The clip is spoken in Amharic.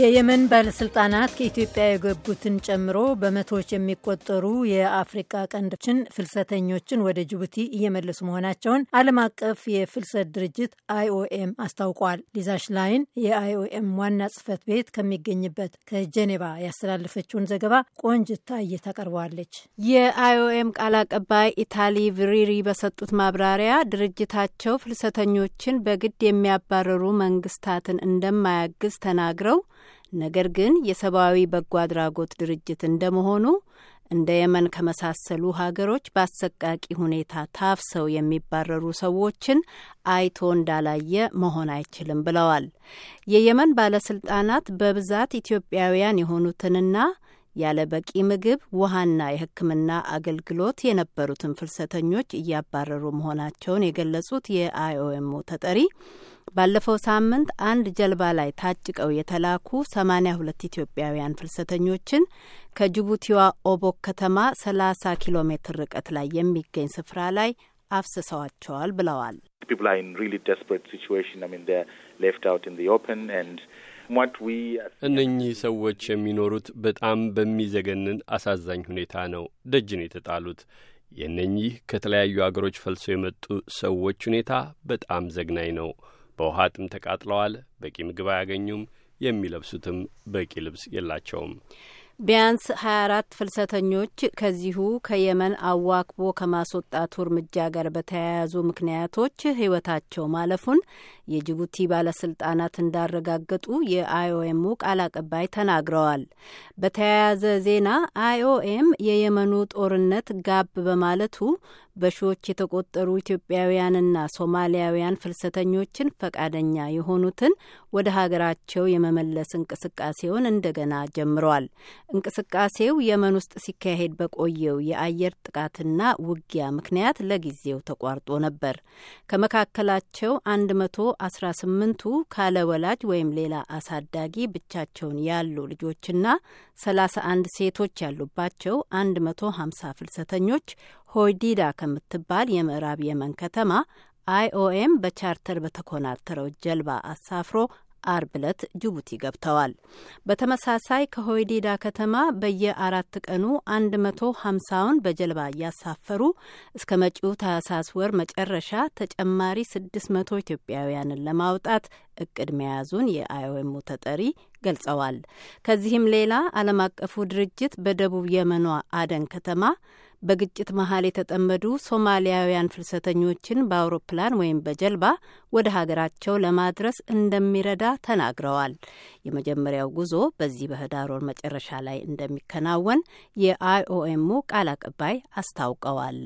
የየመን ባለስልጣናት ከኢትዮጵያ የገቡትን ጨምሮ በመቶዎች የሚቆጠሩ የአፍሪቃ ቀንዶችን ፍልሰተኞችን ወደ ጅቡቲ እየመለሱ መሆናቸውን ዓለም አቀፍ የፍልሰት ድርጅት አይኦኤም አስታውቋል። ሊዛ ሽላይን የአይኦኤም ዋና ጽፈት ቤት ከሚገኝበት ከጄኔቫ ያስተላለፈችውን ዘገባ ቆንጅታ እየታቀርበዋለች። የአይኦኤም ቃል አቀባይ ኢታሊ ቪሪሪ በሰጡት ማብራሪያ ድርጅታቸው ፍልሰተኞችን በግድ የሚያባረሩ መንግስታትን እንደማያግዝ ተናግረው ነገር ግን የሰብአዊ በጎ አድራጎት ድርጅት እንደመሆኑ እንደ የመን ከመሳሰሉ ሀገሮች በአሰቃቂ ሁኔታ ታፍሰው የሚባረሩ ሰዎችን አይቶ እንዳላየ መሆን አይችልም ብለዋል። የየመን ባለስልጣናት በብዛት ኢትዮጵያውያን የሆኑትንና ያለ በቂ ምግብ፣ ውሃና የሕክምና አገልግሎት የነበሩትን ፍልሰተኞች እያባረሩ መሆናቸውን የገለጹት የአይኦኤሙ ተጠሪ ባለፈው ሳምንት አንድ ጀልባ ላይ ታጭቀው የተላኩ ሰማኒያ ሁለት ኢትዮጵያውያን ፍልሰተኞችን ከጅቡቲዋ ኦቦክ ከተማ ሰላሳ ኪሎ ሜትር ርቀት ላይ የሚገኝ ስፍራ ላይ አፍስሰዋቸዋል ብለዋል። እነኚህ ሰዎች የሚኖሩት በጣም በሚዘገንን አሳዛኝ ሁኔታ ነው። ደጅን የተጣሉት የእነኚህ ከተለያዩ አገሮች ፈልሰው የመጡ ሰዎች ሁኔታ በጣም ዘግናኝ ነው። በውሃ ጥም ተቃጥለዋል፣ በቂ ምግብ አያገኙም፣ የሚለብሱትም በቂ ልብስ የላቸውም። ቢያንስ 24 ፍልሰተኞች ከዚሁ ከየመን አዋክቦ ከማስወጣቱ እርምጃ ጋር በተያያዙ ምክንያቶች ሕይወታቸው ማለፉን የጅቡቲ ባለስልጣናት እንዳረጋገጡ የአይኦኤሙ ቃል አቀባይ ተናግረዋል። በተያያዘ ዜና አይኦኤም የየመኑ ጦርነት ጋብ በማለቱ በሺዎች የተቆጠሩ ኢትዮጵያውያንና ሶማሊያውያን ፍልሰተኞችን ፈቃደኛ የሆኑትን ወደ ሀገራቸው የመመለስ እንቅስቃሴውን እንደገና ጀምረዋል። እንቅስቃሴው የመን ውስጥ ሲካሄድ በቆየው የአየር ጥቃትና ውጊያ ምክንያት ለጊዜው ተቋርጦ ነበር። ከመካከላቸው 118ቱ ካለ ወላጅ ወይም ሌላ አሳዳጊ ብቻቸውን ያሉ ልጆችና 31 ሴቶች ያሉባቸው 150 ፍልሰተኞች ሆይዲዳ ከምትባል የምዕራብ የመን ከተማ አይኦኤም በቻርተር በተኮናተረው ጀልባ አሳፍሮ አርብ ዕለት ጅቡቲ ገብተዋል። በተመሳሳይ ከሆይዲዳ ከተማ በየአራት ቀኑ መቶ ውን በጀልባ እያሳፈሩ እስከ መጪው ታህሳስ ወር መጨረሻ ተጨማሪ መቶ ኢትዮጵያውያንን ለማውጣት እቅድ መያዙን የአይኦኤሙ ተጠሪ ገልጸዋል። ከዚህም ሌላ ዓለም አቀፉ ድርጅት በደቡብ የመኗ አደን ከተማ በግጭት መሀል የተጠመዱ ሶማሊያውያን ፍልሰተኞችን በአውሮፕላን ወይም በጀልባ ወደ ሀገራቸው ለማድረስ እንደሚረዳ ተናግረዋል። የመጀመሪያው ጉዞ በዚህ በህዳር ወር መጨረሻ ላይ እንደሚከናወን የአይኦኤሙ ቃል አቀባይ አስታውቀዋል።